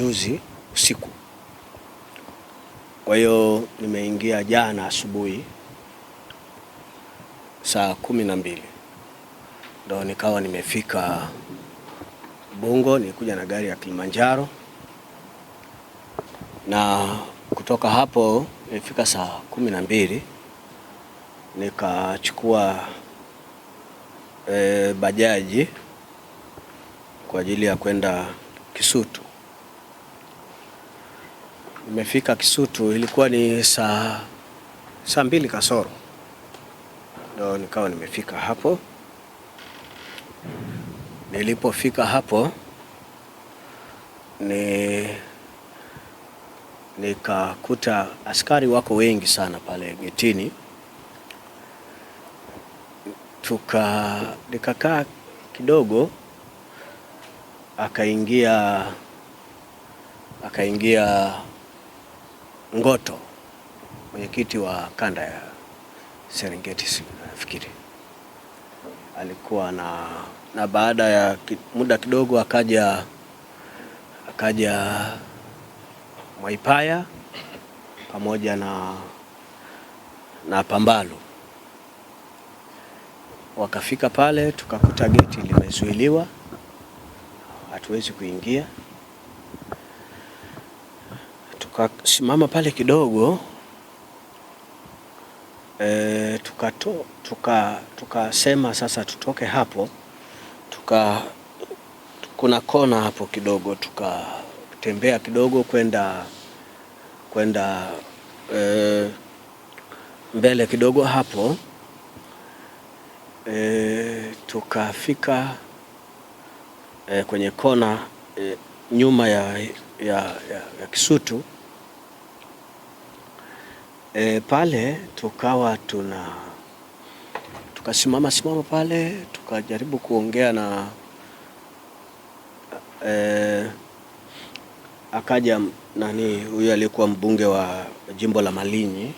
juzi usiku, kwa hiyo nimeingia jana asubuhi saa kumi na mbili ndo nikawa nimefika Ubungo. Nilikuja na gari ya Kilimanjaro na kutoka hapo nilifika saa kumi na mbili nikachukua e, bajaji kwa ajili ya kwenda Kisutu. Nimefika Kisutu ilikuwa ni saa saa mbili kasoro, ndo nikawa nimefika hapo. Nilipofika hapo ni nikakuta askari wako wengi sana pale getini, tuka nikakaa kidogo, akaingia akaingia Ngoto, mwenyekiti wa kanda ya Serengeti, nafikiri alikuwa na, na baada ya muda kidogo akaja akaja Mwaipaya pamoja na, na Pambalo wakafika pale, tukakuta geti limezuiliwa, hatuwezi kuingia tukasimama pale kidogo e, tukato, tuka tukasema sasa tutoke hapo tuka, kuna kona hapo kidogo tukatembea kidogo kwenda kwenda e, mbele kidogo hapo e, tukafika e, kwenye kona e, nyuma ya, ya, ya, ya Kisutu E, pale tukawa tuna tukasimama simama pale tukajaribu kuongea na e, akaja nani huyu aliyekuwa mbunge wa jimbo la Malinyi.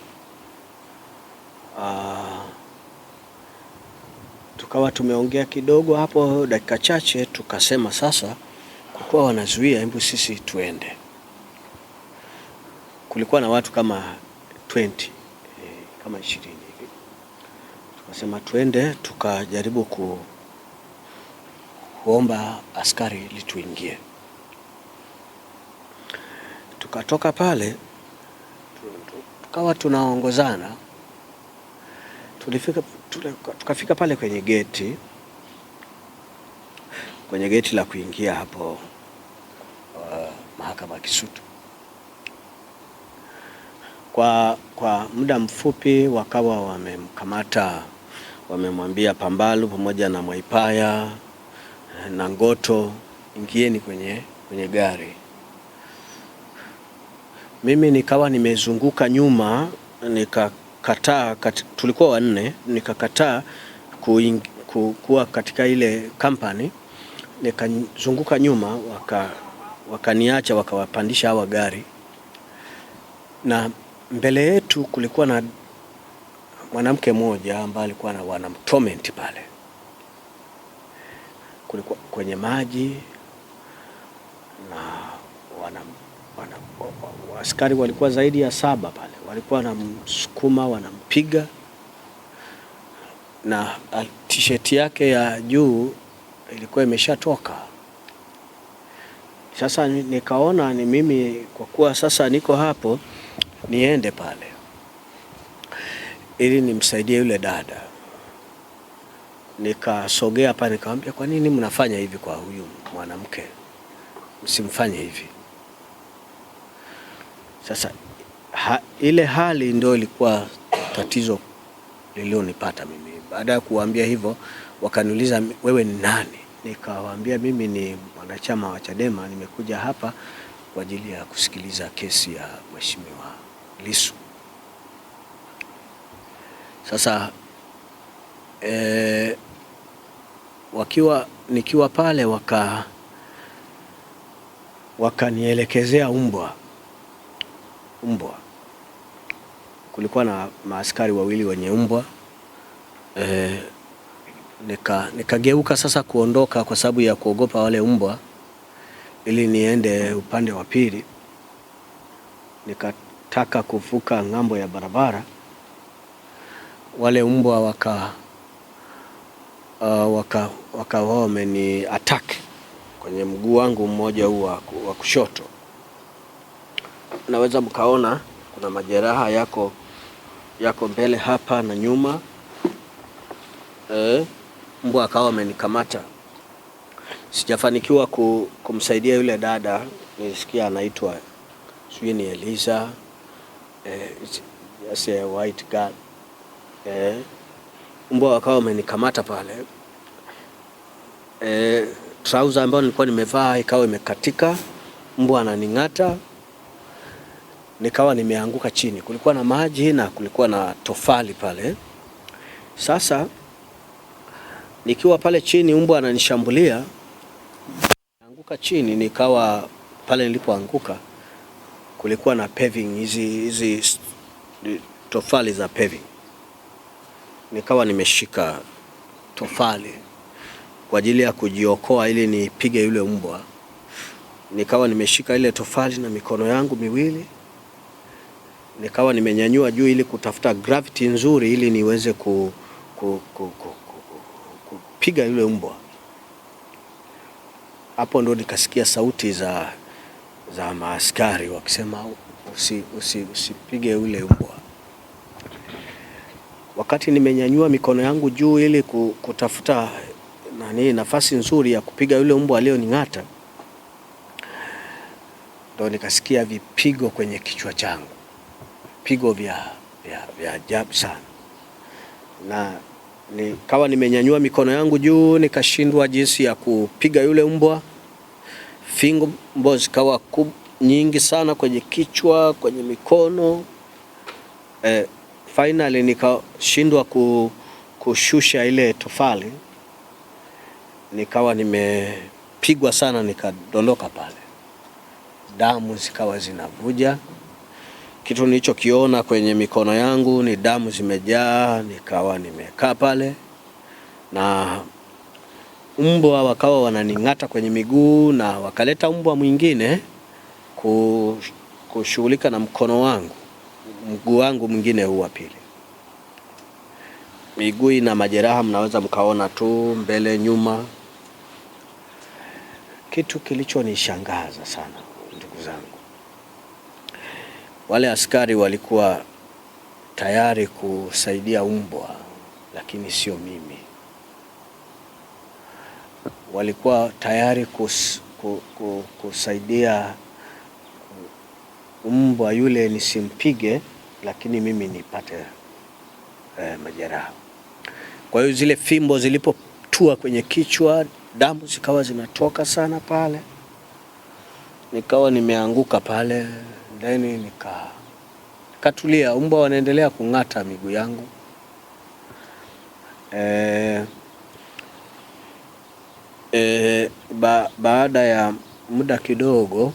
tukawa tumeongea kidogo hapo dakika chache, tukasema sasa, kwa kuwa wanazuia, hebu sisi tuende. Kulikuwa na watu kama 20 eh, kama 20 hivi, tukasema twende tukajaribu ku, kuomba askari ili tuingie. Tukatoka pale tukawa tunaongozana, tulifika tukafika pale kwenye geti kwenye geti la kuingia hapo uh, mahakama ya Kisutu kwa, kwa muda mfupi wakawa wamemkamata, wamemwambia Pambalu pamoja na Mwaipaya eh, na Ngoto, ingieni kwenye, kwenye gari. Mimi nikawa nimezunguka nyuma nikakataa, tulikuwa wanne, nikakataa ku, ku, kuwa katika ile kampani, nikazunguka nyuma, wakaniacha waka wakawapandisha hawa gari na mbele yetu kulikuwa na mwanamke mmoja ambaye alikuwa na wanamtorment pale, kulikuwa kwenye maji na wana, wana, askari walikuwa zaidi ya saba pale, walikuwa wanamsukuma wanampiga, na tisheti yake ya juu ilikuwa imeshatoka. Sasa nikaona ni mimi, kwa kuwa sasa niko hapo niende pale ili nimsaidie yule dada. Nikasogea pale nikamwambia, kwa nini mnafanya hivi kwa huyu mwanamke? Msimfanye hivi. Sasa ha, ile hali ndio ilikuwa tatizo lilionipata mimi. Baada ya kuwaambia hivyo, wakaniuliza wewe ni nani? Nikawaambia mimi ni mwanachama wa Chadema, nimekuja hapa kwa ajili ya kusikiliza kesi ya mheshimiwa Lisu. Sasa e, wakiwa nikiwa pale waka wakanielekezea mbwa mbwa, kulikuwa na maaskari wawili wenye mbwa e, eh, nika nikageuka sasa kuondoka kwa sababu ya kuogopa wale mbwa, ili niende upande wa pili nika taka kuvuka ng'ambo ya barabara, wale mbwa waka uh, waka wakawa wameni attack kwenye mguu wangu mmoja huu wa kushoto. naweza mkaona kuna majeraha yako yako mbele hapa na nyuma. E, mbwa akawa amenikamata, sijafanikiwa kumsaidia yule dada. Nilisikia anaitwa sijui ni Eliza as eh, a eh, white girl eh, mbwa wakawa wamenikamata pale eh, trouser ambayo nilikuwa nimevaa ikawa imekatika, mbwa ananing'ata, nikawa nimeanguka chini. Kulikuwa na maji na kulikuwa na tofali pale. Sasa nikiwa pale chini, mbwa ananishambulia, anguka chini, nikawa pale nilipoanguka kulikuwa na paving hizi hizi tofali za paving, nikawa nimeshika tofali kwa ajili ya kujiokoa ili nipige yule mbwa. Nikawa nimeshika ile tofali na mikono yangu miwili, nikawa nimenyanyua juu ili kutafuta gravity nzuri ili niweze ku, ku, ku, ku, ku, ku, kupiga yule mbwa. Hapo ndo nikasikia sauti za za maaskari wakisema usipige usi, usi ule mbwa. Wakati nimenyanyua mikono yangu juu ili kutafuta nani nafasi nzuri ya kupiga yule mbwa aliyoning'ata, ndo nikasikia vipigo kwenye kichwa changu, vipigo vya vya ajabu sana, na nikawa nimenyanyua mikono yangu juu, nikashindwa jinsi ya kupiga yule mbwa fimbo zikawa nyingi sana kwenye kichwa, kwenye mikono eh, finally nikashindwa ku, kushusha ile tofali, nikawa nimepigwa sana, nikadondoka pale, damu zikawa zinavuja. Kitu nilichokiona kwenye mikono yangu ni damu zimejaa, nikawa nimekaa pale na mbwa wakawa wananing'ata kwenye miguu na wakaleta mbwa mwingine kushughulika na mkono wangu, mguu wangu mwingine huu wa pili. Miguu ina majeraha, mnaweza mkaona tu mbele nyuma. Kitu kilichonishangaza sana, ndugu zangu, wale askari walikuwa tayari kusaidia mbwa, lakini sio mimi walikuwa tayari kus, kus, kusaidia mbwa yule nisimpige, lakini mimi nipate eh, majeraha. Kwa hiyo zile fimbo zilipotua kwenye kichwa, damu zikawa zinatoka sana pale, nikawa nimeanguka pale ndani, nika nikatulia. Mbwa wanaendelea kung'ata miguu yangu eh, eh, ba, baada ya muda kidogo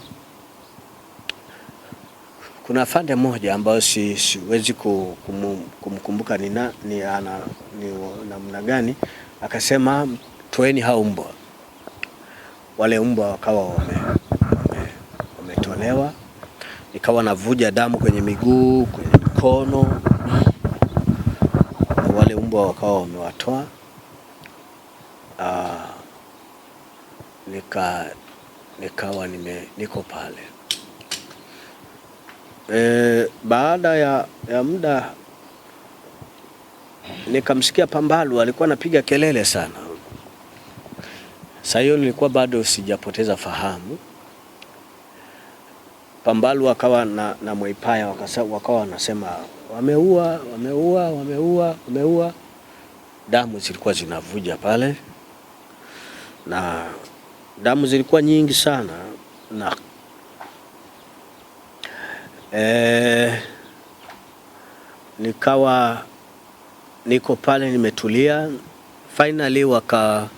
kuna fande moja ambayo si, siwezi kumkumbuka ni namna ni ni gani, akasema toeni hao mbwa. Wale mbwa wakawa wametolewa, wame nikawa navuja damu kwenye miguu, kwenye mikono. Wale mbwa wakawa wamewatoa. nika, nikawa nime, niko pale e, baada ya, ya muda nikamsikia Pambalu alikuwa anapiga kelele sana. Saa hiyo nilikuwa bado sijapoteza fahamu. Pambalu akawa na, na Mwaipaya wakawa wanasema wameua, wameua, wameua, wameua. Damu zilikuwa zinavuja pale na damu zilikuwa nyingi sana na e, nikawa niko pale nimetulia. Finally waka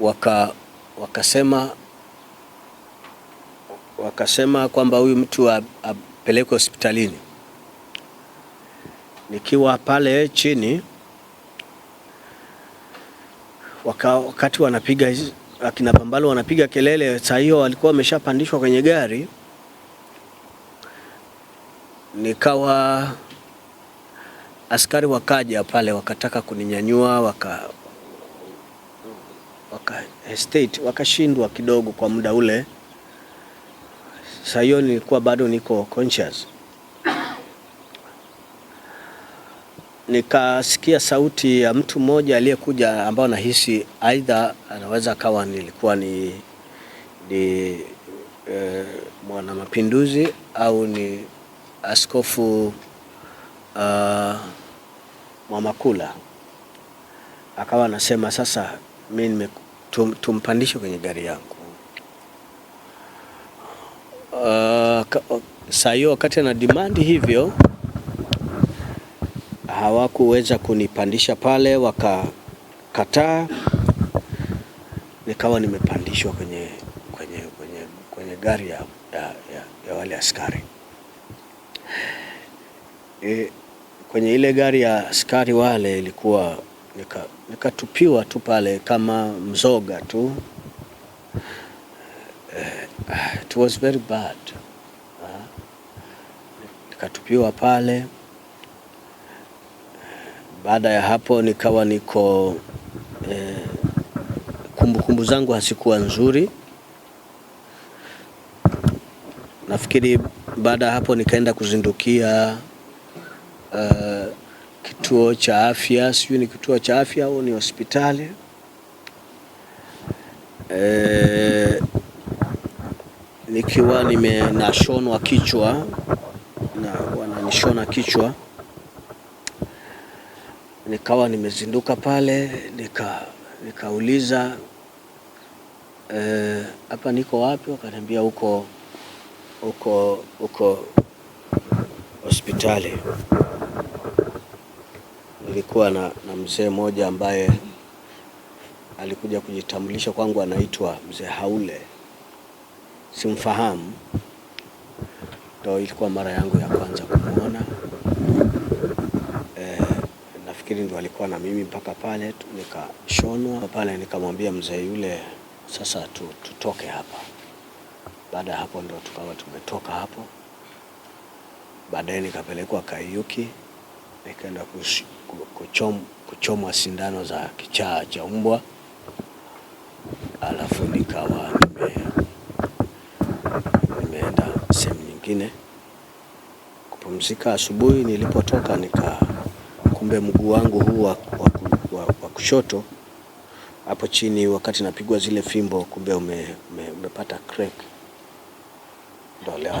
waka wakasema wakasema kwamba huyu mtu apelekwe hospitalini. Nikiwa pale chini waka, wakati wanapiga akina Pambalo wanapiga kelele saa hiyo, walikuwa wameshapandishwa kwenye gari, nikawa askari wakaja pale wakataka kuninyanyua waka, waka estate wakashindwa kidogo kwa muda ule. Saa hiyo nilikuwa bado niko conscious. nikasikia sauti ya mtu mmoja aliyekuja ambao nahisi aidha anaweza akawa nilikuwa ni, ni e, mwana mapinduzi au ni askofu uh, Mwamakula akawa anasema sasa, mimi tumpandishe kwenye gari yangu. Uh, saa hiyo wakati ana dimandi hivyo hawakuweza kunipandisha pale, wakakataa, nikawa nimepandishwa kwenye, kwenye, kwenye, kwenye gari ya, ya, ya, ya wale askari e, kwenye ile gari ya askari wale ilikuwa nikatupiwa nika tu pale kama mzoga tu. Uh, it was very bad uh, nikatupiwa pale. Baada ya hapo nikawa niko eh, kumbukumbu zangu hazikuwa nzuri. Nafikiri baada ya hapo nikaenda kuzindukia uh, kituo cha afya, sijui ni kituo cha afya au ni hospitali eh, nikiwa nimenashonwa kichwa na wananishona kichwa nikawa nimezinduka pale nika nikauliza eh, hapa e, niko wapi? Wakaniambia huko huko huko hospitali. Nilikuwa na, na mzee mmoja ambaye alikuja kujitambulisha kwangu, anaitwa mzee Haule, simfahamu. Ndo ilikuwa mara yangu ya kwanza kumwona. nafikiri ndo alikuwa na mimi mpaka pale nikashonwa pale. Nikamwambia mzee yule, sasa tu, tutoke hapa. Baada ya hapo ndo tukawa tumetoka hapo. Baadaye nikapelekwa Kaiuki, nikaenda kuchom, kuchomwa sindano za kichaa cha mbwa, alafu nikawa nime, nimeenda sehemu nyingine kupumzika. Asubuhi nilipotoka nika uvimbe mguu wangu huu wa, wa, wa, wa kushoto hapo chini, wakati napigwa zile fimbo, kumbe ume, ume, umepata crack. Ndo leo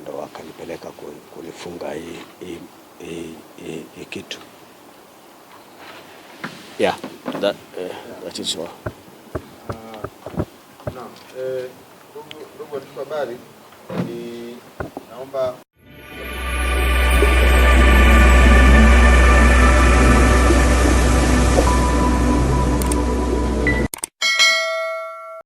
ndo akanipeleka kunifunga hii, hii, hii, hii, hii kitu yeah, that, uh, that is all. Ah, eh, ndugu no, wa habari, ni naomba